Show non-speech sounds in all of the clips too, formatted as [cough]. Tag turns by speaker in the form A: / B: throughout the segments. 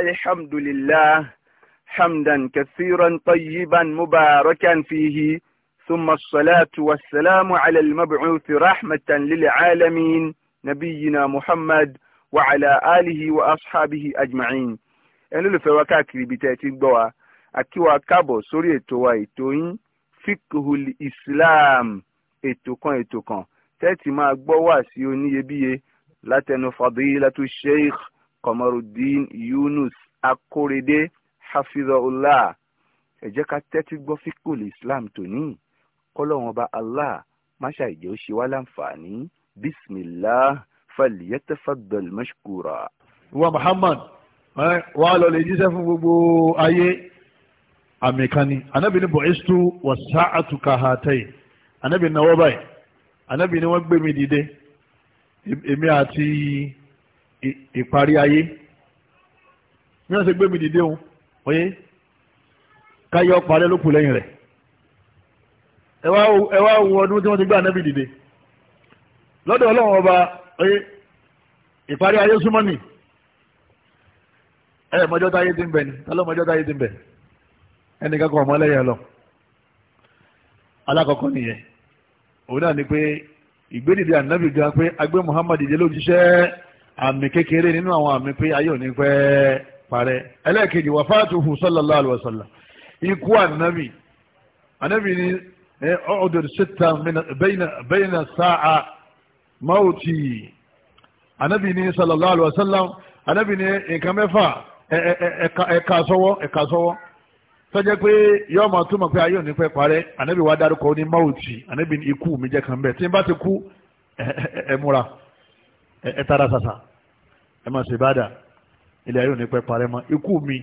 A: الحمد لله حمدا كثيرا طيبا مباركا فيه ثم الصلاة والسلام على المبعوث رحمة للعالمين نبينا محمد وعلى آله وأصحابه أجمعين أنا لفواكاكري بتاتي الدواء أكيوا كابو سوري التوائي توين فقه الإسلام التوكون التوكون تاتي ما أكبوا واسيوني يبيه لاتنو فضيلة الشيخ Kọmọrùdín Yunus Akórèdé hafizahullah ẹ jẹ́ ká tẹ́tí gbọ́ fíkùl Islam tòní kọ́lọ́wọ́n ọba Allah máṣá ìjẹ́ ó ṣe wá láǹfààní bismillah falyatafaddal mashkura.
B: ìwà Muhammad wà á lọ lè jíṣẹ́ fún gbogbo ayé àmì kan ni anábì ní bu'istu was-sa'atu kahatayn anábì náwó báyìí anábì ní wọ́n gbé mi dìde èmi àti. ìparí ayé ní wọ́n ṣe gbé mi dìde òun oyé káyọ̀ parẹ́ ló kù lẹ́yìn rẹ̀ ẹ wá wo ọdún tí wọ́n ti gbé ànábì dìde lọ́dọ̀ ọlọ́run ọba oyé ìparí ayé súnmọ́ nì ẹ mọjọ́ táyé ti ń bẹ̀ ni táyé ti ń bẹ̀ ọmọ alákọ̀ọ́kọ́ nìyẹn òun náà ni pé ìgbédìde gan pé agbé àmì kékeré nínú àwọn àmì pé ayé òní pẹ́ parẹ́ ẹlẹ́ẹ̀kejì wàfáàtúhù sallallahu alaihi wasallam ikú ànábì ànábì ni ọ̀dọ̀ sita bẹ́yìnà sáà máwùtì ànábì ni sallallahu alaihi wasallam ànábì ni nǹkan mẹ́fà ẹ̀ka sọ́wọ́ ẹ̀ka sọ́wọ́ tọ́jẹ́ pé yọ́ máa túmọ̀ pé ayé òní pẹ́ parẹ́ ànábì wa dárúkọ ní máwùtì ànábì ni ikú mi jẹ́ kan bẹ́ẹ̀ tí n bá ti kú ẹ múra ẹ tara sàṣà ẹ máa ṣe ìbádà ilẹ̀ ayé òní pẹ́ parẹ́ mọ́ ikú mi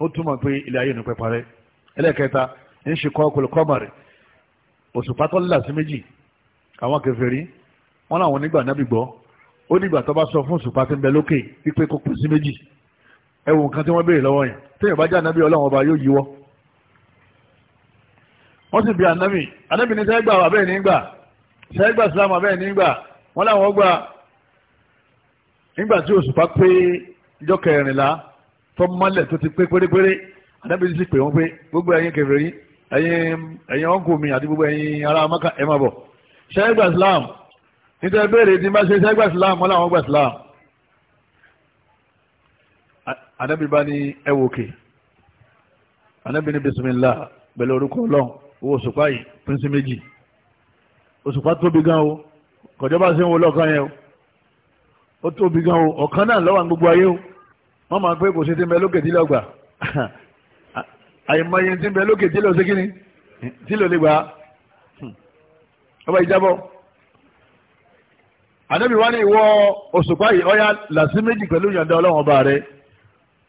B: ó túmọ̀ pé ilẹ̀ ayé òní pẹ́ parẹ́ ẹlẹ́kẹta ń ṣe kọ́ kọlùkọ́mọ̀rì òṣùpá tó lílà sí méjì àwọn kèfèrí wọn làwọn onígbà nábì gbọ́ ó nígbà tó bá sọ fún òṣùpá tí ń bẹ lókè pípé kó kù sí méjì ẹwù nǹkan tí wọ́n béèrè lọ́wọ́ yẹn téèyàn bá jẹ́ ànábì ọlọ́run ọba yóò yíwọ́ wọ́n sì bí ànábì ànábì ní sẹ́gbà àbẹ́ẹ̀ nígbà sẹ́gbà sílámù àbẹ́ẹ̀ nígbà wọ́n làwọn gbà nígbà tí òṣùpá pé ìjọ kẹrìnlá tó mọ́lẹ̀ tó ti pé pérépéré anábìrì sì pè wọ́n pé gbogbo ẹ̀yin kèfèrí ẹ̀yin ọ̀nkù mi àti gbogbo ẹ̀yin ará maka ẹ̀ máa bọ̀ ṣẹ́gbà islam nítorí béèrè tí bá ṣe ṣẹ́gbà islam wọ́n làwọn gbà islam anábì bá ní ẹwọ òkè anábì ní bisimilá pẹ̀lú orúkọ ọlọ́run owó òṣùpá yìí pínsí méjì òṣùpá tóbi gan o kọjọba ṣe ń wo lọ́ọ̀kan yẹn o ó tóbi gan o ọ̀kan náà lọ́wọ́ gbogbo ayé o wọ́n máa pé kò sí ti ń bẹ lókè tí lọ́gbà àìmọye ti ń bẹ lókè tí lọ sí kíni tí lọ lè gbà ọba ìjábọ̀ ànábì wá ní ìwọ òṣùpá yìí ọ̀yà làásì méjì pẹ̀lú ìyọ̀ǹda ọlọ́run ọba rẹ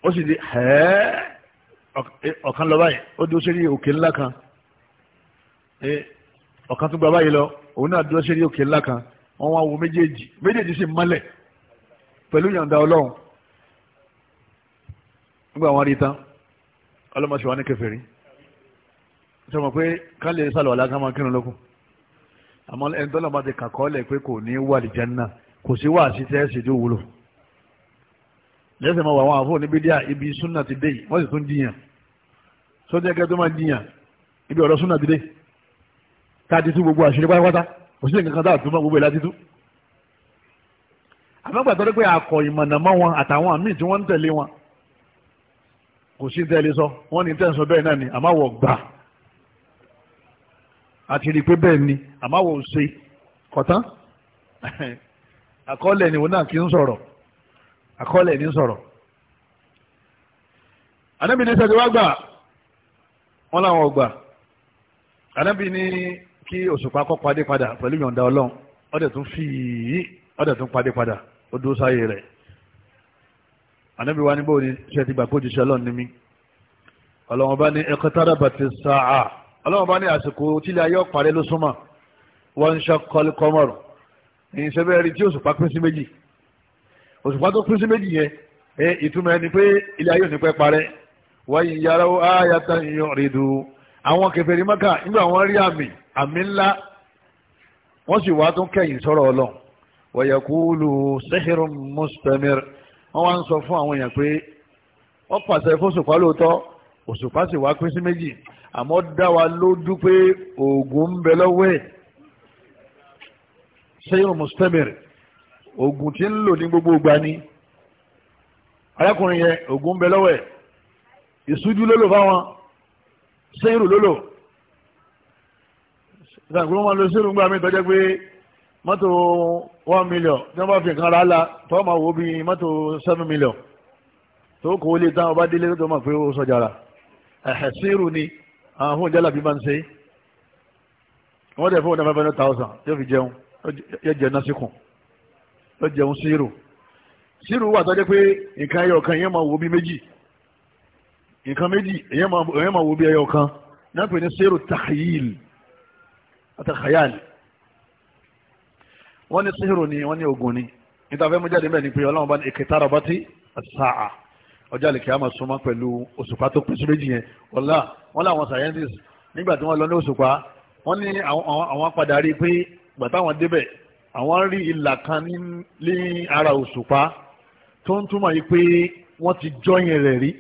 B: ó sì di ẹ̀ẹ́ ọ̀kan lọ báyìí ó dúró sí òkè ńlá kan ọ̀kan tún gba báyìí lọ òun náà dúró sí òkè ńlá kan wọ́n wá wo méjèèjì méjèèjì sì mọ́lẹ̀ pẹ̀lú yọ̀ǹda ọlọ́run nígbà wọn rí tán ọlọ́mọṣẹ́ wa ní kèfèrí sọ ma pé ká lè sálọ̀ ọ̀la ká máa kírun lókun àmọ́ ẹni tọ́lọ́ bá ti kàkọ́ọ́lẹ̀ pé kò ní wà lè jẹ́nà kò sí wà sí tẹ́ẹ̀sì tó wúlò lẹ́sẹ̀ máa wà àfọ̀ níbi díà ibi súnà ti dé wọ́n sì tún jiyàn sọ́jà kẹ́ tó máa jiyàn ibi ọ̀rọ̀ súnà ti dé tá a ti tú gbogbo àṣírí pátápátá kò nǹkan kan tá mọ́ gbogbo ẹ̀ láti tú àmọ́gbà tó dé pé akọ ìmọ̀nà mọ́ wọn àtàwọn míì tí wọ́n ń tẹ̀lé wọn kò sí tẹ́lẹ̀ sọ wọ́n ní tẹ́sán bẹ́ẹ̀ náà ni àmàwọ̀ gbà àti rí i pé bẹ́ẹ̀ ni àmàwọ̀ ò ṣe kọ̀tán [laughs] àkọọ́lẹ̀ ni òun náà kì í sọ̀rọ̀ àkọọ́lẹ̀ ni sọ̀rọ̀ anábì ní sẹ́dí wá gbà wọ́n làwọn ò gbà anábì ní kí òṣùpá kọ́ padé padà pẹ̀lú ìyọ̀ǹda ọlọ́run ọ̀dẹ̀ tún fi yìí ọ̀dẹ̀ tún padé padà ó dúró sáyé rẹ̀ ànábì wa ní bóyá ní ṣe ti gbà kó jíṣẹ́ ọlọ́run ní mí ọlọ́run bá ní iqtarabati sa'a ọlọ́run bá ní àsìkò tílé ayé ọ̀parẹ́ ló súnmọ́ wọ́n shaqqal qamar ní sẹ́fẹ́ rí tí òṣùpá pín sí méjì òṣùpá tó pín sí méjì yẹn ẹ ìtumọ̀ ẹni pé ilé ayé ò ní pẹ́ parẹ́ wa in yaraw ayatan yuridu àwọn kèfèrí nígbà wọ́n rí àmì àmì ńlá wọ́n sì wá tún kẹ́yìn sọ́rọ̀ ọlọ́run wọ̀yẹ̀kúlù sẹ́hìrù mustamir wọ́n wá ń sọ fún àwọn èèyàn pé wọ́n pàṣẹ fóṣùpá lóòótọ́ òṣùpá sì wá pín sí méjì àmọ́ dá wa lójú pé oògùn ń bẹ lọ́wọ́ ẹ̀ sẹ́hìrù mustamir oògùn tí ń lò ní gbogbo ìgbà ni arákùnrin yẹn oògùn ń bẹ lọ́wọ́ ẹ̀ ìṣújú ló fáwọn sẹ́hìrù ló lò ìtàn ìgbìmọ̀ sẹ́hìrù ń gbà mí tọ́jú pé mọ́tò one million tí wọ́n bá fi nǹkan ra la tọ́ ma wo bí mọ́tò seven million tó kò lè tán ọba délé tó ma fi ó sọjà ra ẹ̀hẹ̀ sírù ni àwọn fóun jálà bí máa ń ṣe wọ́n dẹ̀ fóun náà five hundred thousand yóò fi jẹun yóò jẹun násìkùn yóò jẹun sírù sírù wà tọ́jú pé nǹkan ẹyọ kan èèyàn máa wo bí méjì nǹkan méjì èèyàn máa wo bí ẹyọ kan náà pè ní sírù tahayil àti wọ́n ní síhìrò ni wọ́n ní ogun ni níta fẹ́ mú jáde bẹ́ẹ̀ ni pé ọlọ́run bá ní èkìtà rọ̀bá tí ṣáà ọjọ́ àlèkè àmọ́ súnmọ́ pẹ̀lú òṣùpá tó pín sí méjì yẹn ọ̀la wọ́n láwọn scientists nígbà tí wọ́n lọ ní òṣùpá wọ́n ní àwọn padà rí i pé gbàtà wọn débẹ̀ àwọn rí ìlà kan ní ara òṣùpá tó ń túmọ̀ yìí pé wọ́n ti jọyìn rẹ̀ rí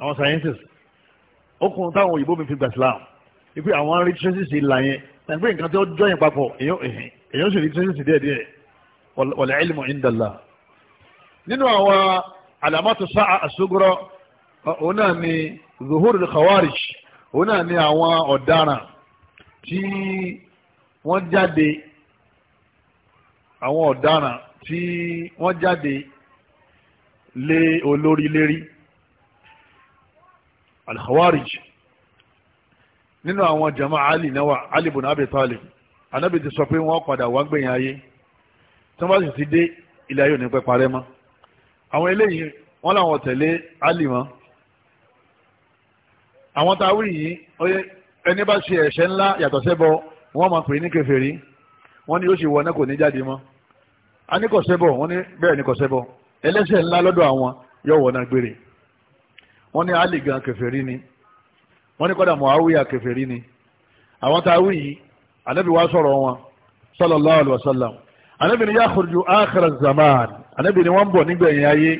B: àwọn scientists ó kún táwọn òyìnbó mi fi gbà sílámù wípé àwọn rí traces ìlà yẹn ẹgbẹ́ nǹkan tí ó jọyìn papọ̀ èyàn sì rí tírísì díẹ̀ díẹ̀ wọ̀lẹ̀ ilmu indala nínú àwọn alamatu sa'a asugurọ òun náà ni zuhur khawarij òun náà ni àwọn ọ̀daràn tí wọ́n jáde àwọn ọ̀daràn tí wọ́n jáde lé olórí lérí al nínú àwọn jama ali náwà ali bùnà abi talib anabi ti sọ pé wọ́n padà wá gbẹ̀yìn ayé tí wọ́n bá sì ti dé ilé ayé òní pẹ́ mọ́ àwọn eléyìí wọ́n làwọn tẹ̀lé ali mọ́ àwọn tá a wí yìí ẹni bá ṣe ẹ̀ṣẹ̀ ńlá yàtọ̀ sẹ́bọ wọ́n máa pè ní kèfèrí wọ́n ní yóò ṣe wọ náà kò ní jáde mọ́ a ní wọ́n ní bẹ́ẹ̀ ní kò sẹ́bọ ńlá lọ́dọ̀ àwọn yóò wọ náà gbére wọ́n ní ali gan kèfèrí ni wọ́n ní kọ́dà Muawiya kèfèrí ni àwọn tá a wí yìí anabi wa sọ̀rọ̀ wọn sallallahu alaihi wasallam anabi ni yakhruju akhir az-zaman anabi ni wọ́n bọ̀ nígbẹ̀yìn ayé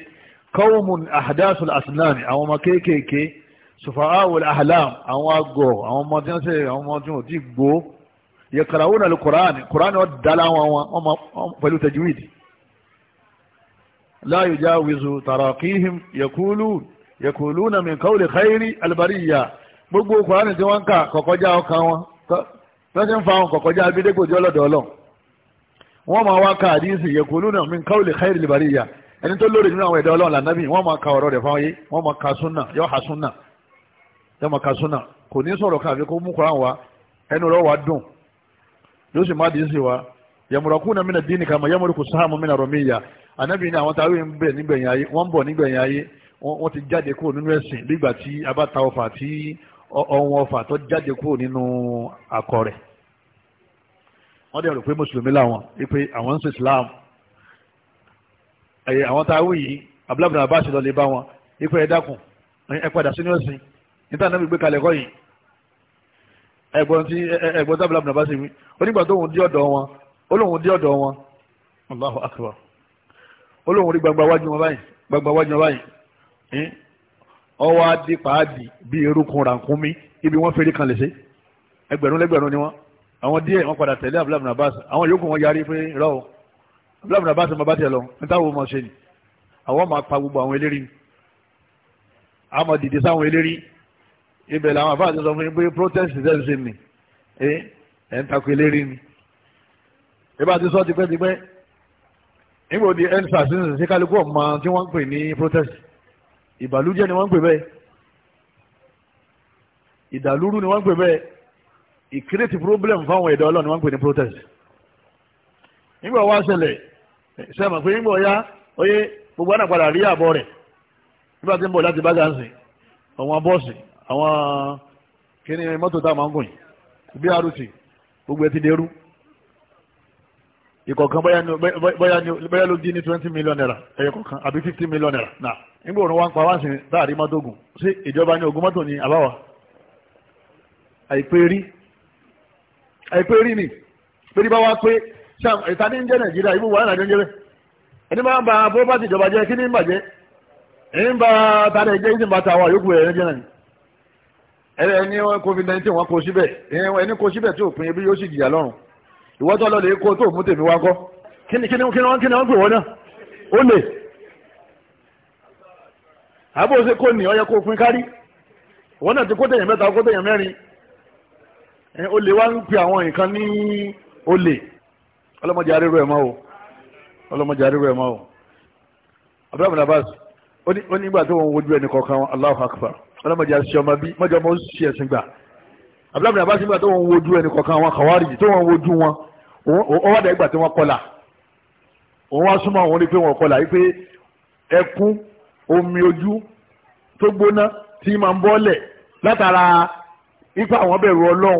B: qawmun ahdathul asnan àwọn ọmọ kéékèèké sufa'ul ahlam àwọn agọ̀ àwọn ọmọ tí wọ́n sẹ́ àwọn ọmọ tí wọ́n ti gbó yaqra'una al-Qur'an Qur'an wọn dala wọn wọn pẹ̀lú tajwid la yujawizu taraqihim yaqulun yaquluna min qawli khayri al-bariyya gbogbo kùránì tí wọ́n ń kà kọ̀kọ́já ọkàn wọn tọ́sí ń fa àwọn kọ̀kọ́já abídégbòdì ọlọ́dọ̀ ọlọ́run wọ́n máa wá ka àdíyèsí yaquluna min qawli khayril bariyya ẹni tó lórí nínú àwọn ẹ̀dá ọlọ́run lànàbí wọ́n máa ka ọ̀rọ̀ rẹ̀ fáwọn yé wọ́n máa ka súnà yọ ha súnà yọ máa ka súnà kò ní sọ̀rọ̀ kan àfi kó mú kúrán wa ẹnu rẹ̀ wá dùn yóò sì má àdíyèsí wa yamurakuna mina dini kama yamuruku sahamu mina romiya anabi ni àwọn táwọn ń bẹ nígbẹ̀yìn ayé wọ́n ń bọ̀ nígbẹ̀yìn ayé wọ́n ti jáde kúrò nínú ẹ̀sìn nígbà tí abá ta ọfà tí ọ̀hún ọfà tó jáde kúrò nínú akọ rẹ̀ wọ́n dẹ̀ rò pé mùsùlùmí làwọn wípé àwọn ń sọ islam ẹ̀yẹ àwọn tá a wù yìí abúlábùnà abáṣe lọ lè bá wọn wípé ẹ dákun ẹ padà sínú ẹ̀sìn níta náà gbé kalẹ̀ kọ́ yìí ẹ̀gbọ́n tí ẹ̀gbọ́n tí abúlábùnà abáṣe wí onígbà tó òun dí ọ̀dọ̀ wọn ó dí ọ̀dọ̀ wọn Allahu akbar ó lóun rí gbagba wájú wọn báyìí gbagba wájú wọn báyìí ọwọ́ adé pàádì bí erukun rànkúnmí ibi wọ́n fèrè kan lè ṣe ẹgbẹ̀rún lẹ́gbẹ̀rún ni wọ́n àwọn díẹ̀ wọ́n padà tẹ̀lé abúlábùn abbas àwọn yòókù wọn yarí pé rọ o abúlábùn abbas ma bá tiẹ̀ lọ nítawọ̀ ma ṣe ni àwọn máa pa gbogbo àwọn eléré a máa dìde sáwọn eléré ibẹ̀ làwọn abbas sọ fún mi pé protest ṣe ń ṣe ni ẹ ẹ ń takò eléré ni ibà ti sọ tipẹ́tipẹ́ nígbà òdi ẹ̀ ń sàṣìṣe kálukú protest ìbàlújẹ́ ni wọ́n ń pè bẹ́ẹ̀ ìdàlúrú ni wọ́n pè bẹ́ẹ̀ ìkírètì problem fáwọn ẹ̀dọ́ ọlọ́run ni wọ́n pè ní protest nígbà wá ṣẹlẹ̀ sẹ́mọ̀ pé nígbà ọ̀yá oyé gbogbo àná padà rí àbọ̀ rẹ̀ nígbà tí ń bọ̀ láti bágánsì àwọn bọ́ọ̀sì àwọn kíní mọ́tò táwọn máa ń gùn bí rt gbogbo ẹ ti dẹrú ìkọ̀kan bóyá ló dín ní twenty million naira ẹyẹ kọ̀kan àbí fifty million naira náà nígbà òun wá ń pa wá sí láàrin mọ́tò sí ìjọba ní ogun mọ́tò ní àbáwá àìpé rí àìpé rí ni bá wá pé sam ìta ní ń nàìjíríà ibú ìwọ́jọ́ lọ lè kó tó mú tèmi wá kọ́ kí ni wọ́n kí ni wọ́n pè wọ́n náà ó lè àbò ṣe kó ní ọyẹ kó pin kárí wọ́n náà ti kó tẹ̀yàn mẹ́ta kó tẹ̀yàn mẹ́rin ó lè wá ń pè àwọn nǹkan ní ó lè ọlọ́mọdé arírò ẹ̀ máa o ọlọ́mọdé arírò ẹ̀ máa o abdulhamid abbas ó nígbà tó ń wojú ẹnì kọ̀ọ̀kan Allahu akbar ọlọ́mọdé aṣọ ọmọ bí mọ́jọ́ mọ́ ń ṣe ẹ̀sìn gbà abdulhamid abbas nígbà tó wọn wojú ẹni kọ̀ọ̀kan àwọn kàwárìjì tó wọn wojú wọn ó wà dàgbà tí wọ́n kọlà òun wá súnmọ́ àwọn onípe wọn kọlà yìí pé ẹkún omi ojú tó gbóná tí máa ń bọ́lẹ̀ látara ipa àwọn bẹ̀rù ọlọ́run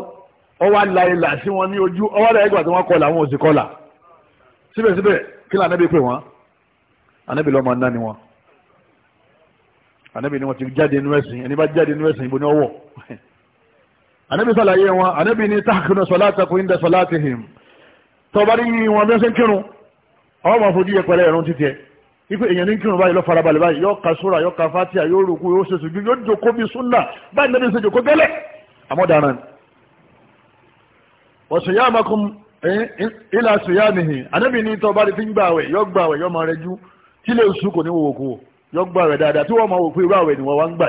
B: ọwọ́ la ìlà sí wọn ní ojú ọwọ́ la ẹgbàá tí wọ́n kọlà wọn ò sì kọlà síbẹ̀síbẹ̀ kí lóò anábì pè wọ́n anábì lọ́mọ ná ni wọn anábì ni wọn ti jáde inú ẹ̀sìn ẹni bá jáde inú ẹ̀sìn ibo ni ọwọ́ ànábì sàlàyé wọn ànábì ní tahkinu salatakum inda salatihim tó bá rí wọn bí wọ́n ṣe ń kírun ọwọ́ máa fojú yẹpẹrẹ ẹ̀rún títí ẹ̀ ipe èèyàn ní kírun báyìí lọ farabalẹ̀ báyìí yóò ka sóra yóò ka fatia yóò rúkú yóò ṣe sùjú yóò jòkó bí súnà báyìí nàbí ṣe jòkó gẹ́lẹ́ àmọ́dára ni. ọ̀sùn yá àmàkùn ilà sùn nìyí ànábì ní tọ́ fi ń gbà wẹ̀ yóò gbà wẹ̀ yóò máa rẹ tí lè sùn kò ní wò kú yóò gbà wẹ̀ dáadáa tí wọ́n máa wò pé irú àwẹ̀ ni wọ́n wá ń gbà.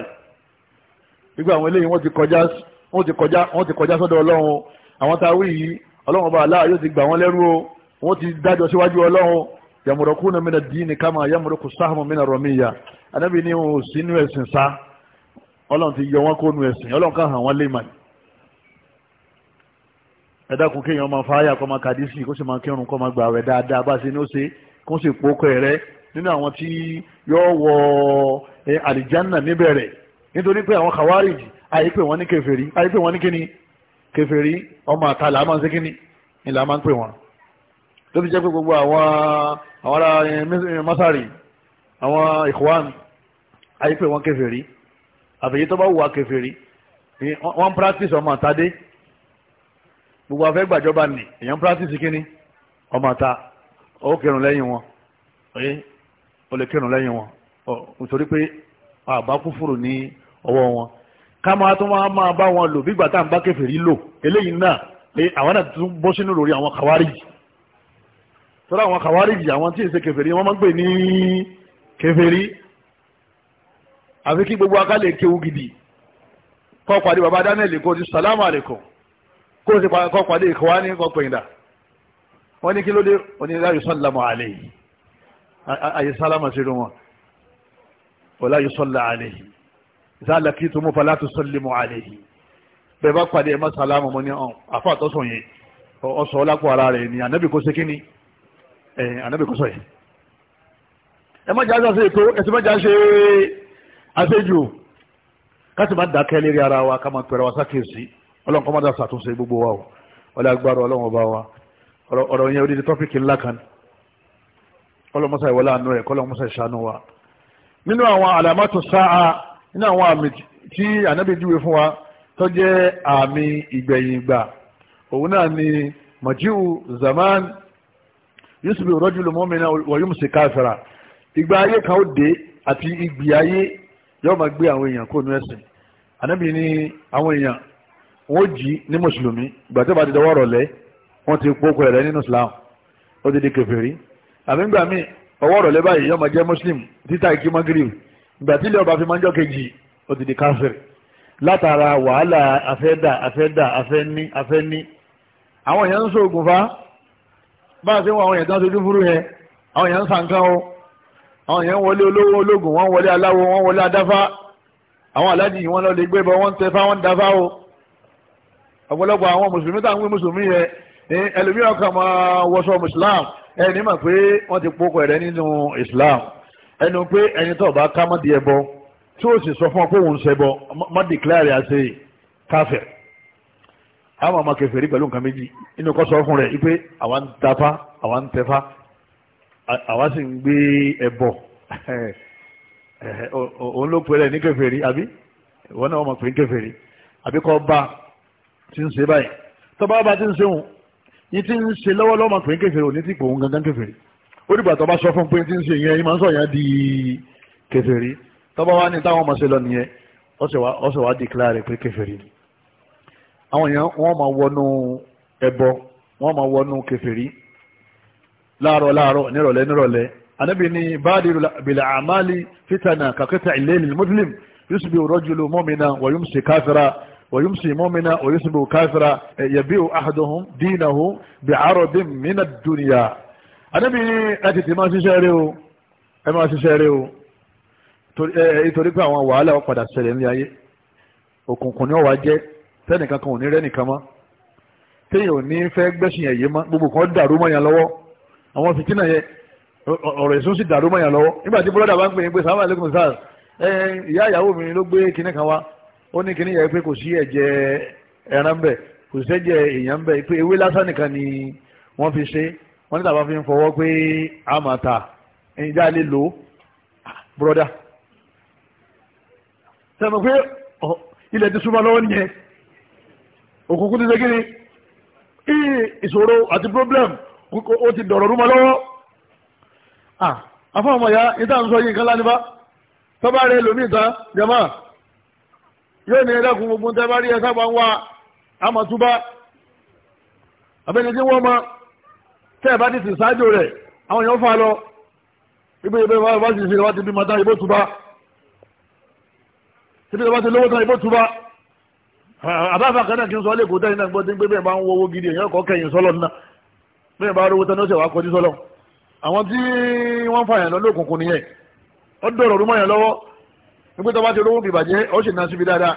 B: ìgbà àwọn eléyìí wọ́n ti kọjá wọ́n ti kọjá wọ́n ti kọjá sọ́dọ̀ ọlọ́run àwọn tá a wí yìí ọlọ́run ọba aláà yóò ti gbà wọ́n lẹ́rú o wọ́n ti dájọ́ síwájú ọlọ́run yàmùrọ̀kú náà mìíràn dín ní kama yàmùrọ̀kú sáhàmù mìíràn rọ̀míyà anábì ní òun sí inú ẹ̀sìn sá ọlọ́run ti yọ wọn kó nu ẹ̀sìn ọlọ́run kan hàn wọ́n lé màní. ẹ dákun kéèyàn máa fáyà kó máa kàdísì kó sì máa kírun kó máa gbà wẹ̀ dáadáa bá a ṣe ní ó ṣe kó sì pokọ rẹ nínú àwọn tí yóò wọ àlìjánà níbẹ̀rẹ̀ nítorí pé àwọn kàwárìjì ayé pé wọ́n ní kèfèrí ayé pé wọ́n ní kíni kèfèrí ọmọ àtàlà máa ń ṣe kíni ìlà máa ń pè wọ́n tó fi jẹ́ pé gbogbo àwọn àwọn ará eh, eh, masari àwọn ikhwan ayé pé wọ́n kèfèrí àfẹ̀yí tó bá wù wá kèfèrí wọ́n practice ọmọ àtàdé gbogbo afẹ́ gbàjọba nì èèyàn practice kíni ọmọ àta ó kírun lẹ́yìn wọn ẹ ó lè kírun lẹ́yìn wọn nítorí pé àbá kúfùrù ní ọwọ́ wọn ká máa tún máa máa bá wọn lò bígbà tá à ń bá kèfèrí lò eléyìí náà àwọn náà tún bọ́ sínú lórí àwọn kàwárìjì tọ́lá àwọn kàwárìjì àwọn tí ì ṣe kèfèrí wọ́n máa ń pè ní kèfèrí àfi kí gbogbo akálẹ̀ kéwu gidi kọ́ pàdé baba daniel kò ti salamu alaykum kó o ti kọ́ pàdé ìkọ́wá ní kọ́ pẹ̀yìndà wọ́n ní kí ló dé wọ́n ní láyé sọ́lámù àlẹ́ yìí àyè sálámà sí ìsàlẹ̀kí tó mú fọlá tó sọ́lẹ̀mù àlèyé bẹ́ẹ̀ bá pàdé ẹ̀ mọ́sàlámù mọ́ ní ọ̀n àfọ́ àtọ́sọ̀ yẹn ọ̀sọ̀ ọlápọ̀ ara rẹ̀ ni ànábì kó ṣe kí ni ànábì kó sọ yẹn. ẹ má jáde àṣẹ ètò ẹsẹ má jáde àṣejù káṣí má dákẹ́ lérí ara wa ká má wa sákèsí ọlọ́run kọ́ má dá sàtúnṣe gbogbo wa o ọlọ́ agbára ọlọ́run ọba wa ọ̀rọ̀ yẹn odidi tọ́pìkì ńlá kan ọlọ́run ìwọlá àánú ẹ̀ kọ́lọ́run ìṣàánú wa nínú àwọn àlàmátù sáà nínú àwọn àmì tí ànábì júwe fún wa tó jẹ́ àmì ìgbẹ̀yìn ìgbà òun náà ni mọ̀jíù zaman yusufu rọ́júlù mọ́mìnà wọ̀yúmùsì káfíra ìgbà ayé kan ó dé àti ìgbì ayé yóò máa gbé àwọn èèyàn kó nu ẹ̀sìn ànábì ní àwọn èèyàn wọn ó jí ní mùsùlùmí ìgbà tó bá ti dọwọ́ rọ̀lẹ́ wọ́n ti pọ́kọ ẹ̀rẹ́ nínú islam ó ti di kèfèrí àmì ńgbà míì ọwọ́ rọ̀lẹ́ báyìí yóò máa jẹ́ muslim títà ìkí magrib ìgbà tí ilé ọba fi máa ń jọ́ kejì ó ti di káfíìrì látara wàhálà afẹ́dà afẹ́dà afẹ́ní afẹ́ní àwọn èèyàn ń sóògùn fa bá a ṣe ń wọ àwọn èèyàn tán sojú fúru yẹn àwọn èèyàn ń sànkán o àwọn èèyàn wọlé olówó ológun wọn wọlé aláwo wọn wọlé adáfá àwọn aláàjì yìí wọn lọ lè gbébọ wọn tẹ fá wọn dáfá o ọ̀pọ̀lọpọ̀ àwọn mùsùlùmí táwọn gbé mùsùlùmí yẹ ẹlòmíràn kan máa wọṣọ mùsùlùmí ẹ mà pé wọ́n ti pókò rẹ nínú ìsìláàmù ẹnu pé ẹni tó bá ká má di ẹbọ tí ó sì sọ fún ọ pé òun ṣẹbọ má dìkláàrì àṣẹ káfẹ àwọn ọmọ kèfèrí pẹ̀lú nǹkan méjì inú kọ sọ fún rẹ wípé àwa ń tafá àwa ń tẹfá àwa sì ń gbé ẹbọ [laughs] òun ló pẹ̀lẹ́ ní kèfèrí àbí ìwọ náà wọn pè ní kèfèrí àbí kọ bá ti ń ṣe báyìí tọba bá ti ń ṣe òun yìí ti ń ṣe lọ́wọ́lọ́wọ́ pè ní kèfèrí òní ti pò òun gangan kèfèrí ó dìgbà tó bá sọ fún pé tí ń ṣe yẹn ìmọ̀ ń sọ yẹn di kèfèrí tọ́ba wa ní táwọn ọmọ ṣe lọ nìyẹn ó sì wá dìkláàrẹ̀ pé kèfèrí ni àwọn èèyàn wọ́n máa wọnú ẹbọ wọ́n máa wọnú kèfèrí láàárọ̀ láàárọ̀ nírọ̀lẹ́ nírọ̀lẹ́ anábì ní báàdì bìlà àmàlì fìtànà kàkẹ́tà ìlẹ́lì muslim yusufu rọ́jùlù mọ́mìnà wọ̀yúmsì káfíra ويمسي مؤمنا ويسبه كافرا يبيع أحدهم دينه بعرض من الدنيا ànábì ní ẹ tètè máa ṣiṣẹ́ rẹ o ẹ máa ṣiṣẹ́ rẹ o torí pé àwọn wàhálà wọn padà ṣẹlẹ̀ ní ayé òkùnkùn ni wọn wá jẹ tẹnìkan kan ò ní rẹ́nìkan mọ́ téèyàn ò ní fẹ́ gbẹ́sìn ẹ̀yẹ mọ́ gbogbo kan dàrú mọ́ yàn lọ́wọ́ àwọn fìtínà yẹn ọ̀rọ̀ ìsún sì dàrú mọ́ yàn lọ́wọ́ nígbà tí bọ́lọ́dà bá ń pè é pé sàmà lẹ́kùn sáà ẹ ìyá ìyàwó mi ló gbé kinní kan wá ó ní kinní yẹn pé kò sí ẹ̀jẹ̀ ẹran bẹ̀ kò sí ẹ̀jẹ̀ èèyàn bẹ̀ pé ewé lásán nìkan ni wọ́n fi ṣe wọ́n ní tàbá fi ń fọwọ́ pé a máa ta ẹ̀yìn já lè lò ó broda sẹ́mi pé ilẹ̀ ti súnmọ́ lọ́wọ́ nìyẹn òkùnkùn ti ṣe kí ni ìṣòro àti problem ó ti dọ̀rọ̀ rúmọ lọ́wọ́ àfọ́n ọmọ ya ìta ń sọ yìí nǹkan lánìbá tọ́ba rẹ lómi ìta jama yóò ní ẹ̀dẹ́kùn gbogbo tẹ́ bá rí ẹ sábà ń wá àmọ̀túbá abẹ́ni tí wọ́n máa tẹ́ ẹ̀ bá ti sìn ṣáájú rẹ̀ àwọn èèyàn fà lọ ibi ìbẹ́ bá ti sìn ìwádìí bímọ tán ibó tuba ibi ìbá ti lówó tán ibó tuba àbáfà kan náà kí n sọ lẹ́kọ̀ọ́ tẹ́yìn náà gbọ́dọ̀ pé bẹ́ẹ̀ bá ń wo owó gidi èèyàn kọ́ kẹ́yìn sọ́lọ́ ńnà bẹ́ẹ̀ bá rówó tán ní ọ̀sẹ̀ wá kọjú sọ́lọ́ àwọn tí wọ́n fà yàn lọ lókùnkùn nìyẹn ó dọ̀rọ̀ rúmọ̀ yàn lọ́wọ́ nígbà tó bá ti rówó bìbàjẹ́ ó sì ná síbi dáadáa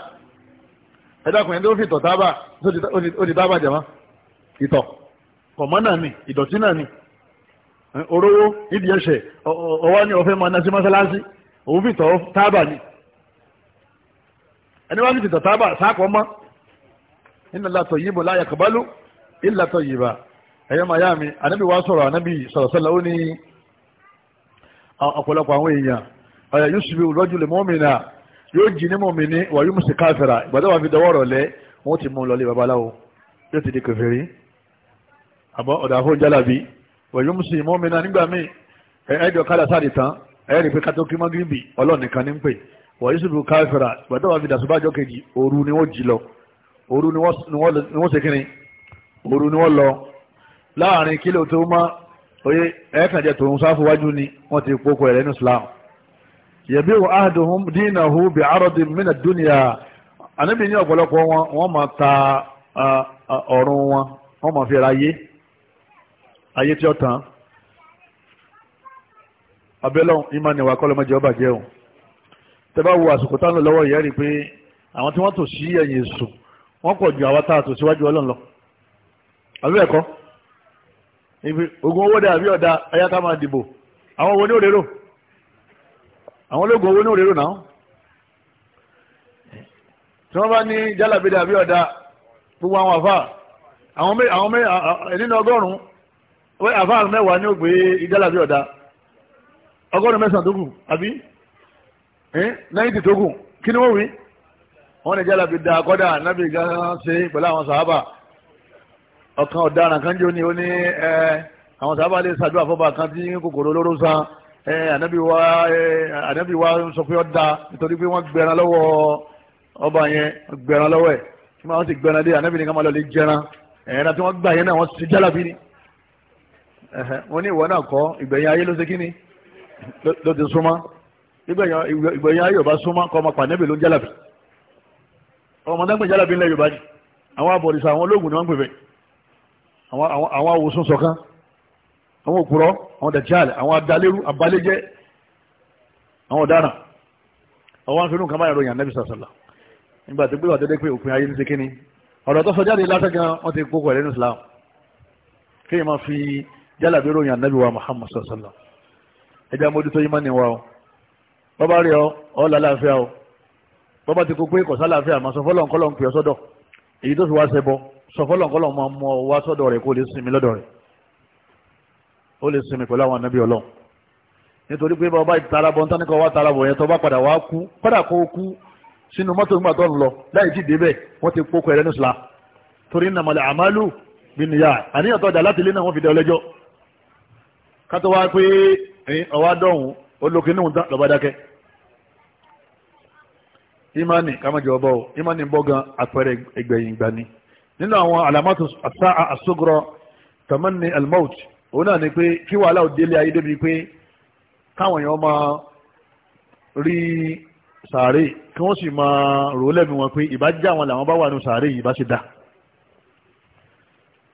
B: ẹ̀dá kùnrin tó fi tọ̀ tábà ó ti tábà jẹ̀mọ́ ìtọ̀ kọ̀mọ́ náà ni ìdọ̀tí náà ni orówó nídìí ẹsẹ̀ ọwọ́ ni ọ̀fẹ́ máa ná mọ́sálásí òun fi tọ́ ni ẹni wá ní ti tọ́ tábà sáàkọ́ mọ́ inna la tayyibu la yaqbalu illa tayyiba ẹ̀yọ́ máa yá mi ànábì wá sọ̀rọ̀ ànábì sọ̀rọ̀ sọ́la ó ní ọ̀pọ̀lọpọ̀ àwọn èèyàn ọ̀yà yusufu rajul mu'mina yóò jí ní mu'mini wà yumsi kafira ìgbàdá wà fi dọwọ́ rọ̀ lẹ́ wọ́n ti mú un lọ lé babaláwo yóò ti di kèfèrí àbọ̀ ọ̀dà fún jálàbí wẹ̀yọ́ mùsùlùmí mọ́mìnà nígbà míì ẹ̀ẹ́dọ̀ kálá sáré tán ẹ̀ẹ́rì pé kátó kí mọ́gìrìbì ọlọ́ọ̀nìkan ní ń pè wọ́n yóò sùdù káfíra gbọ́dọ̀ wà fi dàsúbàjọ́ kejì òru ni wọ́n jí lọ òru ni wọ́n ṣe kínni ni wọ́n lọ láàrin kílò tó má oyè ẹ̀ẹ́kànjẹ tòun sáfù wájú ni wọ́n ti kókó ẹ̀rẹ́ ní Islam yẹ̀bí wọ́n ahaduhum dinahu bi arọ́dì mina dúnìyà àníbi ní ọ̀pọ̀lọpọ̀ wọn wọ́n máa ta ọ̀run wọn wọ́n máa fi ra yé ayé tí ó tán abẹ́lọ́hún ìmánì wa kọ́lọ́mọdé ọba jẹ́ òun tẹ́bá wo àsìkò táwọn lọ́wọ́ ìyá rí i pé àwọn tí wọ́n tò sí ẹ̀yìn èso wọ́n pọ̀ ju àwa tá a tò síwájú ọlọ́run lọ àbí ẹ̀kọ́ ibi ogun owó dà àbí ọ̀dà ẹ̀yà ká máa dìbò àwọn owó ní òrérò àwọn ológun owó ní òrérò náà tí wọ́n bá ní jálàbídà àbí ọ̀dà gbogbo àwọn àfà àwọn mẹ́ nínú ọgọ́rùn-ún pé àfáà mẹ́wàá ní ó gbé ìdálàbí ọ̀dá ọgọ́rùn mẹ́sàn tó kù àbí náìtì tó kù kí ni wọ́n wí wọ́n ní ìdálàbí da kọ́dà nábì gan ṣe pẹ̀lú àwọn sàábà ọ̀kan ọ̀daràn kan jẹ́ ó ní ó ní àwọn sàábà lè ṣàdúrà fọ́ba kan tí kòkòrò olóró san ànábì wa ànábì wa sọ pé ó da nítorí pé wọ́n gbẹran lọ́wọ́ ọba yẹn gbẹran lọ́wọ́ ẹ̀ tí wọ́n sì gbẹran dé ànábì ní ká wọ́n ní ìwọ náà kọ́ ìgbẹ̀yìn ayé ló ṣe kíni ló ti súnmọ́ ìgbẹ̀yìn ayé yorùbá súnmọ́ kọ́ ọmọ pàdébè ló ń jálàbì ọmọ náà ń pè jálàbì ńlẹ̀ yorùbá ni àwọn abọ̀rìṣà àwọn ológun ni wọ́n ń pè bẹ́ẹ̀ àwọn awòsùn sọ̀kan àwọn òkúrọ́ àwọn dàjáàlì àwọn adalérú abalẹ́jẹ́ àwọn ọ̀daràn àwọn afẹ́nú kan báyìí ròyìn ànábì sàṣàlà nígbà tó gbé wà dédé pé òpin ayé ní sekínì ọ̀rọ̀ tó sọ jáde lásán gan ti kókò ẹ̀rẹ́ ní Islam kéèyàn máa fi Jala bí ròyìn ànábì wa Muhammad sallallahu alaihi wasallam ẹjẹ́ amójútó yìí má ní wa o bọ́bá rí ọ ọ lálàáfíà o bọ́bá ti kó pé kọ̀ sálàáfíà máa sọ fọ́lọ́nkọ́lọ́n pè ọ sọ́dọ̀ èyí tó fi wá ṣẹbọ sọ fọ́lọ́nkọ́lọ́n máa mú ọ wá sọ́dọ̀ rẹ̀ kó lè sinmi lọ́dọ̀ rẹ̀ ó lè sinmi pẹ̀lú àwọn ànábì ọlọ́run nítorí pé bọ́bá ìtarabọ̀ ń tánikọ̀ wá tarabọ̀ yẹn tó bá padà wá kú padà kó kú sínú mọ́tò nígbà tó ń lọ láì tí débẹ̀ wọ́n ti pókò ẹ̀rẹ́ nísìlá torí nàmàlẹ̀ àmàlù bí nìyà àníyàn tó dà láti ilé náà wọ́n fi dẹ ọlẹ́jọ́ kátó wá pé ọwá dọ̀hún olókè níhùn tán lọ́ba dákẹ́ imani kàmájọ ọbọ o imani bọ́ gan àpẹẹrẹ ẹgbẹ̀yìn ìgbà ni nínú àwọn alamatu asaa asogorọ tamanni almout òun náà ni pé kí wàhálà ò délé ayé débi pé káwọn èèyàn máa rí sàárè kí wọ́n sì máa rò lẹ́bi wọn pé ìbájá àwọn làwọn bá wà nù sàárè yìí bá ṣe dá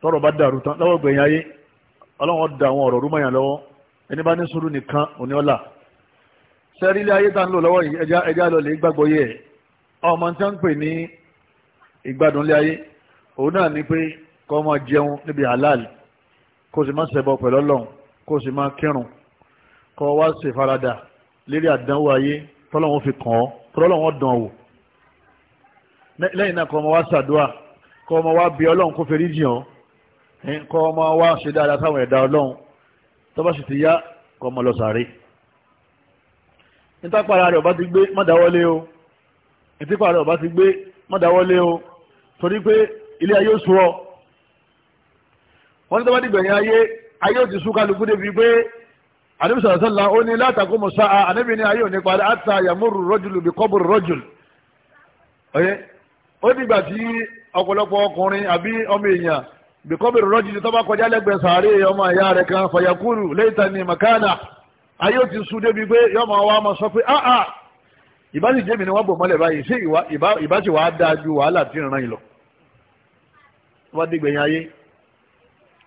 B: tọrọ bá dàrú tán lọ́wọ́ gbẹ̀yìn ayé ọlọ́run da àwọn ọ̀rọ̀ rúmọ̀yàn lọ́wọ́ ẹni bá ní sùúrù nìkan òní ọ̀la sẹ́rí ilé ayé tá ń lò lọ́wọ́ yìí ẹja ẹja lọ lè gbàgbọ́ yẹ ọmọ tí wọ́n ń pè ní ìgbádùn ilé ayé òun náà ni pé kó máa jẹun níbi halal kó sì máa ṣẹbọ pẹ̀lú ọlọ́run kó sì máa kírun kó wá ṣèfaradà lérí àdánwò ayé tọ́lọ́wọ́n fi kàn ọ́ tọ́lọ́wọ́n dàn wò lẹ́yìn náà kó máa wá ṣàdúrà kó máa wá bí ọlọ́run kó fẹ́rí jìn ọ́ nǹkan ọmọ wa ṣe dáadáa sáwọn ẹ̀dá ọlọ́run tó bá sì ti yá kọ́ ọmọ lọ sàárè ìtàpàrà rẹ̀ ọba ti gbé mọ́dáwọ́lé o ìtàpàrà rẹ̀ ọba ti gbé mọ́dáwọ́lé o torí pé ilé ayé sùn ọ wọ́n ní tó bá dìgbẹ̀yìn ayé ayé ò ti sún kálukú débi pé àdébí sọ̀rọ̀ sọ́la ó ní látàkó musa ànábì ní ayé ò parí àtà yàmúrù rọ́jùlù bí kọ́bùrù rọ́jùlù ó dìgbà tí ọ̀pọ̀lọpọ̀ ọkùnrin àbí ọmọ èèyàn bíkọ́bì rọ́jì tó bá kọjá lẹ́gbẹ̀ẹ́ sàárè ọmọ ìyá rẹ̀ kan fàyàkúrù léètà ní makana ayé ò ti sùn débi pé yọmọ wa máa sọ pé áà ah, ah. ìbáṣì jẹ́mi ni wọ́n bò mọ́lẹ̀ báyìí sí ìbáṣì wàá dáa ju wàhálà tí ìran yìí lọ. wọ́n dìgbẹ̀ yẹn ayé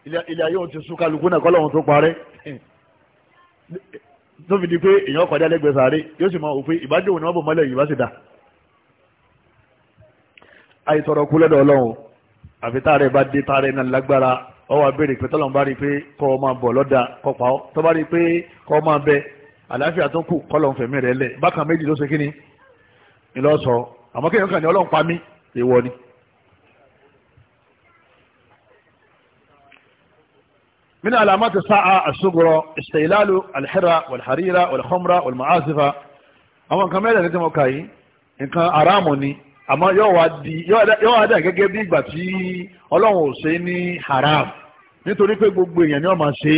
B: ilé ayé ò ti sùn kálukú náà kọ́lọ́hún tó parẹ́ tó fi di pé èèyàn kọjá lẹ́gbẹ̀ẹ́ sàárè yóò sì máa wò pé àfi táàrẹ̀ bá dé táàrẹ̀ náà lágbára ọwọ́ abéèrè pé tọ́lọ̀ bá rí pé kọ́ ọ máa bọ̀ lọ́dà kọ́ pa ọ́ tọ́ bá rí pé kọ́ ọ máa bẹ àlàáfíà tó kù kọ́lọ̀ fẹ̀mí rẹ̀ lẹ̀ bákan méjì ló ṣe kí ni ìlọ́sọ àmọ́ kéèyàn kàn ní ọlọ́run pa mí èèwọ̀ ni. من علامات الساعة الصغرى استيلال الحرة والحريرة والخمرة والمعازفة أما كما يدعي نتمو كاي إن كان أرامني àmọ́ yóò wá di yóò wá dà gẹ́gẹ́ bí ìgbà tí ọlọ́run ò ṣe ní haram nítorí pé gbogbo èèyàn ni wọ́n máa ṣe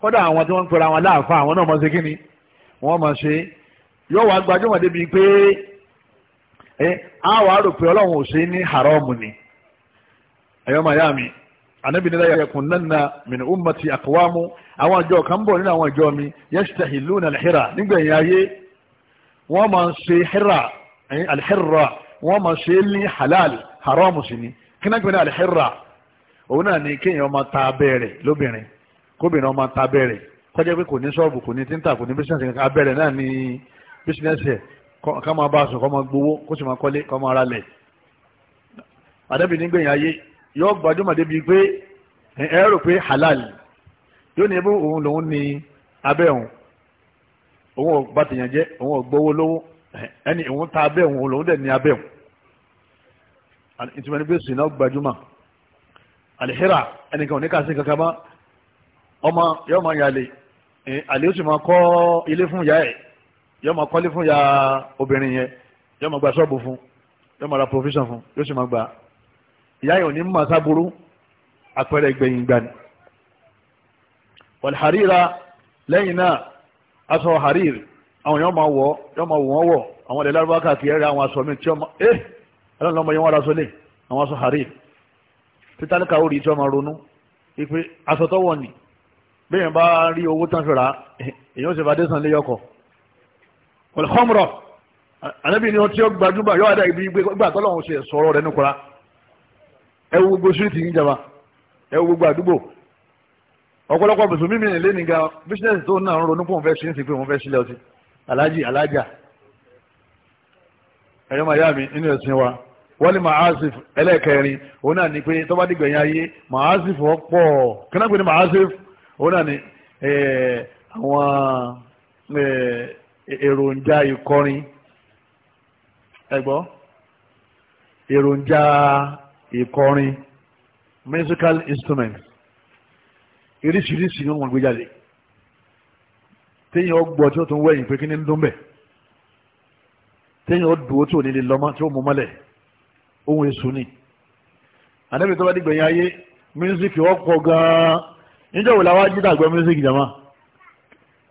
B: kódà àwọn tí wọ́n ń pera wọn láàfa àwọn náà máa ṣe kí ni wọ́n máa ṣe yóò wá gbajúmọ̀ débi pé ẹ á wà á rò pé ọlọ́run ò ṣe ní haram ni ẹ̀yọ́ màá yá mi ànábì nílẹ̀ yẹkùn nánà min ummati aqwamu àwọn àjọ kan bọ̀ nínú àwọn àjọ mi yastahiluna al-hira nígbẹ̀yìn ayé wọ́n máa ń ṣe hira al wọ́n máa ṣe é ní halal haram sí ni kí náà gbé ní alihira òun náà ni kéèyàn máa ta abẹ́rẹ́ lóbìnrin kóbìnrin máa ta abẹ́rẹ́ kọjá pé kò ní ṣọ́ọ̀bù kò ní tínta kò ní bísíǹsì kankan abẹ́rẹ́ náà ni bísíǹsì ẹ̀ ká máa bá a sùn kó máa gbowó kó sì máa kọ́lé kó máa ra lẹ̀ àdẹ́bìnrin ayé yóò gbajúmọ̀ débi pé ẹ rò pé halal yóò ní ebú òun lòun ni abẹ́ òun òun ò bá tèèyàn jẹ́ òun ò gbowó lówó ẹni ìwọ̀n ta abẹ́ òun òun dẹ̀ ní abẹ́ òun ìtumọ̀ ní pé sìnà gbajúmọ̀ àlìhírà ẹnìkan ò ní kàṣí kankan mọ́ ọmọ yóò máa yàlè àlè ó sì máa kọ́ ilé fún ìyá ẹ̀ yóò máa kọ́lé fún ìyá obìnrin yẹn yóò máa gba ṣọ́ọ̀bù fún yóò máa ra provision fún yóò sì máa gba ìyá yẹn ní mọ̀ sábúrú àpẹẹrẹ ìgbẹ̀yìn gbani wàlìhàríra lẹ́yìn náà aṣọ hàríri àwọn èèyàn máa wọ̀ yọ́ máa wọ̀ wọ́n wọ̀ àwọn ilẹ̀ lárúbá káàkiri ẹ̀rẹ́ àwọn aṣọ mi tí ọmọ ẹ́ ẹ̀rọ lọ́mọ yẹn wọ́n ra sọlé àwọn aṣọ hàrí títàlíkà ó rí tí ọmọ ronú ipe aṣọ tó wọ̀ ni bẹ́ẹ̀ bá rí owó tán fi rà èèyàn ṣe fàdé sàn lé yọkọ̀ kọ̀lẹ́kọ́mùrọ̀ ànábì ni wọ́n ti gbajúmọ̀ yọ́ adá ibi gbà tọ́lọ́hún ṣe sọ̀rọ̀ rẹ̀ nìkura ẹ wo gbogbo síríìtì yín jaba ẹ wo gbogbo àdúgbò ọ̀pọ̀lọpọ̀ mùsùlùmí mi nìlé nìga bísíǹsì tó náà ń ronú pé òun fẹ́ ṣe ń sìn pé òun fẹ́ sílẹ̀ ọtí alájì alájà ẹ̀yọ́ máa yá mi nínú ẹ̀sìn wa wọ́n ní ma'asif ẹlẹ́ẹ̀kẹrin òun náà ni pé tọ́ba dìgbẹ̀yìn ayé ma'asif ọ̀pọ̀ kínápé ní ma'asif òun náà ni àwọn èròjà ìkọrin ẹgbọ́ èròjà ìkọrin musical instruments oríṣiríṣi ni wọ́n gbé jáde téèyàn gbọ́ tí ó tún wẹ̀yìn pé kí ní dún bẹ̀ téèyàn dùn ó tí ò ní lè lọ́mọ tí ó mú mọ́lẹ̀ ohun èso ni ànábì tó bá dìgbẹ̀yìn ayé mísíkì wọ́n pọ̀ gan-an níjọ́ wò làwọn ajídà gbọ́ mísíkì jàmá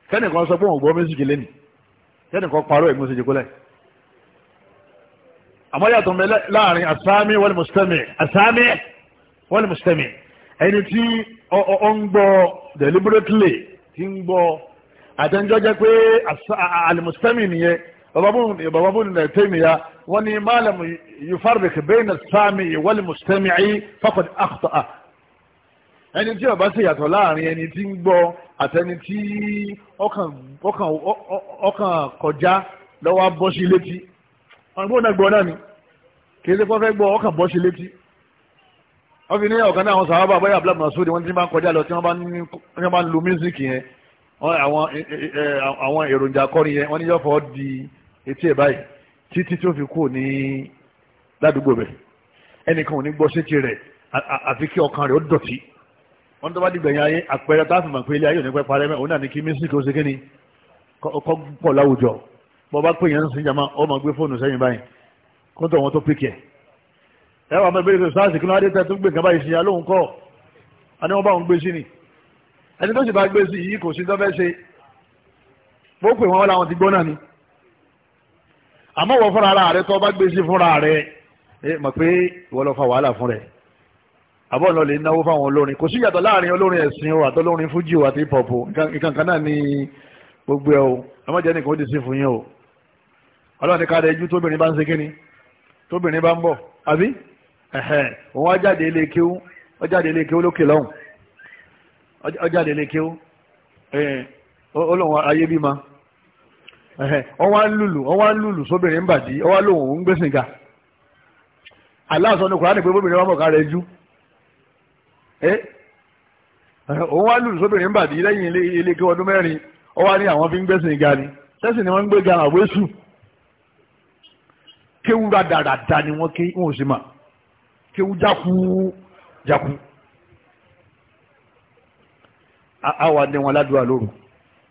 B: kẹ́nìkan sọ pé òun gbọ́ mísíkì lẹ́nì kẹ́nìkan parọ́ ẹ̀gbọ́n ṣèjì kólẹ̀ àmọ́ yàtọ̀ mẹ́ láàrin àsámi wal mustami àsámi wal mustami ẹni tí ọ ń gbọ́ deliberately ti ń gbọ́ àtẹnjọ́ jẹ́ pé alimusitẹ́mì nìyẹn bàbá bùn nà tẹ́mì ya wọ́n ní máàlẹ̀mù yufarrik bayna sáàmì ìwọ́lì mùsítẹ́mì ayé faqad akhta'a ẹni tí ó bá ṣe yàtọ̀ láàrin ẹni tí ń gbọ́ àtẹni tí ọkàn kọjá lọ́wọ́ bọ́ sí létí ọ̀nàgbọ́n náà gbọ́ náà ni kì í ṣe pọ́fẹ́ gbọ́ ọkàn bọ́ létí wọ́n ní ọ̀kan náà àwọn sàábà báyà abúlé masudi wọ́n ti máa ń kọjá lọ tí wọ́n bá ń lu mísíkì yẹn àwọn èròjà akọrin yẹn wọ́n ní yọ́fọ́ di etí ẹ̀ báyìí títí tí ó fi kú ní ládùúgbò bẹ̀ ẹnìkan ò ní gbọ́ sétí rẹ̀ àfi kí ọkàn rẹ̀ ó dọ̀tí wọ́n tó bá dìgbà yẹn ayé àpẹẹrẹ tá a fi mọ̀ pé ilé ayé ò ní pẹ́ parẹ́ mẹ́ òun náà ní kí mísíkì ó ṣe kí ni kọ́ pọ̀ láwùjọ bọ́ bá pè yẹn ń sin jama ó máa gbé fóònù sẹ́yìn báyìí kó tó wọn tó pèkì ẹ̀ ẹ wà mọ́ ìbéèrè sars kí ló wá dé tó gbé nǹkan báyìí sí alóhùn kọ́ àníwọ̀n bá gbé sí ni ẹni tó sì bá gbé sí yìí kò sí tọ́fẹ́ ṣe bó pè wọ́n láwọn ti gbóná ni àmọ́ wọ́n fúnra ara rẹ tó bá gbé sí fúnra rẹ ẹ mọ̀ pé ìwọ lọ fa wàhálà fún rẹ àbọ̀ lọ lè náwó fáwọn olórin kò sí ìyàtọ̀ láàrin olórin ẹ̀sìn o àti olórin fújì o àti hip-hop nǹkan kan náà ni gbogbo ẹ o ẹ má jẹ́ nìkan ó di sí fún yín o ọlọ́run ní ká rẹ ju tóbìnrin bá ń ṣe kíni tóbìnrin bá ń bọ̀ àbí ẹ̀hẹ̀ òun á jáde ilé kéwú ọjà lè lè kí ó olóhùn ayé bí ma ọwá ń lùlù ọwá ń lùlù sóbìnrin ń bàdí ọwá lòun ń gbèsè ga aláàsọ ní kùránì pé bóbìnrin rẹ jú òun lùlù sóbìnrin ń bàdí lẹ́yìn ilé kí ọdún mẹ́rin ni sẹ́sìn ni wọ́n ń gbé ga àwọn ni wọ́n àwa lé wọn ládùúgbò lóru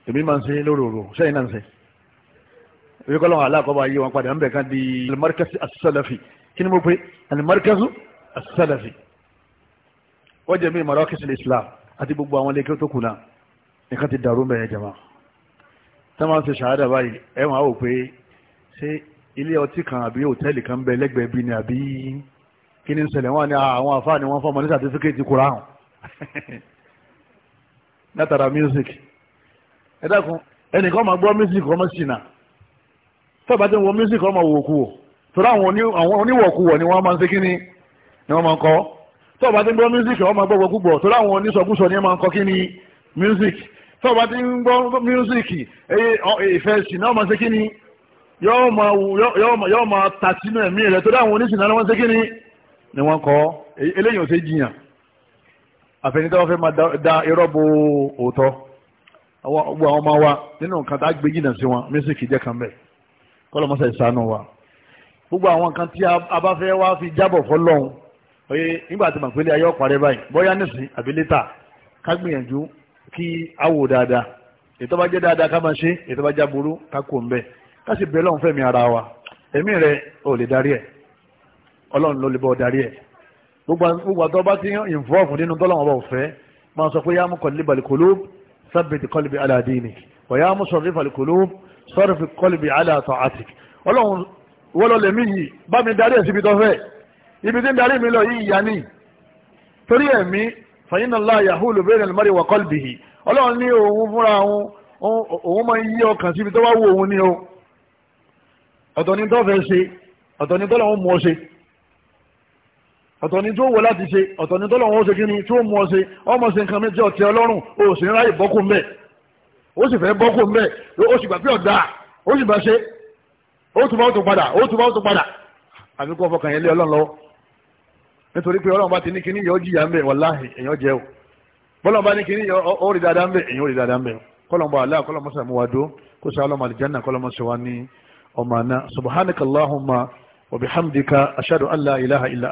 B: èmi máa ń ṣe lóròrò sẹ́yìn náà ń ṣe èmi kọ́ lọ́wọ́ aláàkọ́bọ̀ ayé wọn padà ń kan di alimarikasi asalafi Kini ni mo pe alimarikasu asalafi wọ́n jẹ́ mi marakisi islam àti gbogbo àwọn ilé kí ó tó kù náà nǹkan ti dàrú mẹ́rin jama tẹ́wọ́n ti ṣàádà báyìí ẹ̀ wọ́n á ṣé ilé ọtí kan àbí hòtẹ́ẹ̀lì kan bẹ lẹ́gbẹ̀ẹ́ bí ni àbí kí ni ń ṣẹlẹ̀ wọ́n ní ah, àwọn àfáà ni wọ́n ní sàtífíkẹ́ẹ̀tì kura [laughs] hàn látara music ẹ dákun ẹnìkan ma gbọ́ music ọmọ ṣìnà tọ́ba tí ń music ọmọ wòkúwò torí àwọn oníwọ̀kúwọ̀ ni wọ́n máa ń ṣe ni wọ́n máa ń kọ́ tí music ọmọ àwọn ni wọ́n máa ń kọ́ ni music tọ́ba tí ń music ìfẹ́ ṣìnà ọmọ ṣe yọ́ọ́ máa tà sínú ẹ̀mí àwọn oníṣìnà ni wọ́n ṣe ni wọ́n kọ́ eléyìí ò àfẹnitọ́ fẹ́ máa da irọ́ bo òótọ́ gbogbo àwọn ọmọ wa nínú nǹkan tá a gbé jìnnà sí wọn mísíkì jẹ́ kan bẹ́ẹ̀ kọ́lọ́ mọ́sá ìsánú wa gbogbo àwọn nǹkan tí a bá fẹ́ wá fi jábọ̀ fọlọ́hún oye nígbà tí màpẹ́lẹ́ ayé ọ̀parẹ́ báyìí bóyá nísìn àbí létà ká gbìyànjú kí a wò dáadáa ètò bá jẹ́ dáadáa ká máa ṣe ètò bá jáburú ká kó ń ká sì bẹ́ẹ̀ lọ́hún fẹ́mi ara wa ẹ̀mí rẹ̀ ò lè darí ẹ̀ ọlọ́run ló lè bọ́ darí ẹ̀ gbogbo àtọ́ bá ti involve nínú tọ́lọ́wọ́n bá fẹ́ máa sọ pé yá mú kọ̀lì bàlì kòlóòb sábẹ̀tì kọ́lì bí aládìní wà yá mú sọ̀rọ̀ bàlì kòlóòb sọ̀rọ̀ fi kọ́lì bí alátọ̀ àti ọlọ́run wọ́lọ́ lèmi yìí bá mi darí ẹ̀sìn ibi tó fẹ́ ibi tí ń darí mi lọ yìí yá ni torí ẹ̀mí fàyínà láà yahulu bẹ́ẹ̀rẹ̀ lẹ́mọ́rì wà kọ́lì bìhì ọlọ́run ní òun fúnra òun máa yí ọkàn síbi tó wá wù òun ní o ọ̀tọ̀ ni tó fẹ́ ṣe ọ̀tọ̀ ni tó ọ̀tọ̀ ni tó wọ láti ṣe ọ̀tọ̀ ni tọ́lọ́wọ́n ó ṣe kíni tí ó mú ọ ṣe ọmọ ṣe nǹkan méjì ọ̀tí ọlọ́run ó sì ń ráyè bọ́kù ń bẹ̀ ó sì fẹ́ bọ́kù ń bẹ̀ ó sì gbà pé ọ̀dà ó sì bá ṣe ó tún bá ó tún padà ó tún bá ó tún padà àbí kó fọkàn yẹn lé ọlọ́run lọ́wọ́ nítorí pé ọlọ́run bá ti ní kíní yọ jìyà ń bẹ̀ wàláhì èèyàn jẹ́ o bọ́lọ́run bá ní kíní yọ ó rí dáadáa ń bẹ̀ èèyàn ó rí dáadáa ń bẹ̀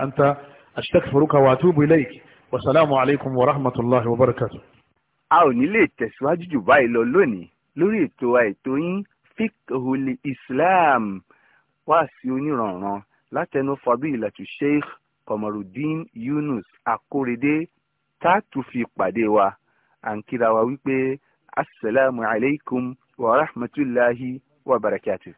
B: kọ́lọ́n astaghfiruka wa atubu ilayk wasalaamu alaykum wa rahmatulahi wa barakatu.
A: a ò ní lè tẹ̀síwájú jù báyìí lọ lónìí lórí ètò àìtó yín fikhul islam wá sí onírànran látẹnu fadilatu sheikh Komarudin Yunus Akórèdé tá a tún fi pàdé wa à ń kíra wa wípé asalaamu alaykum wa rahmatulahi wa barakatu.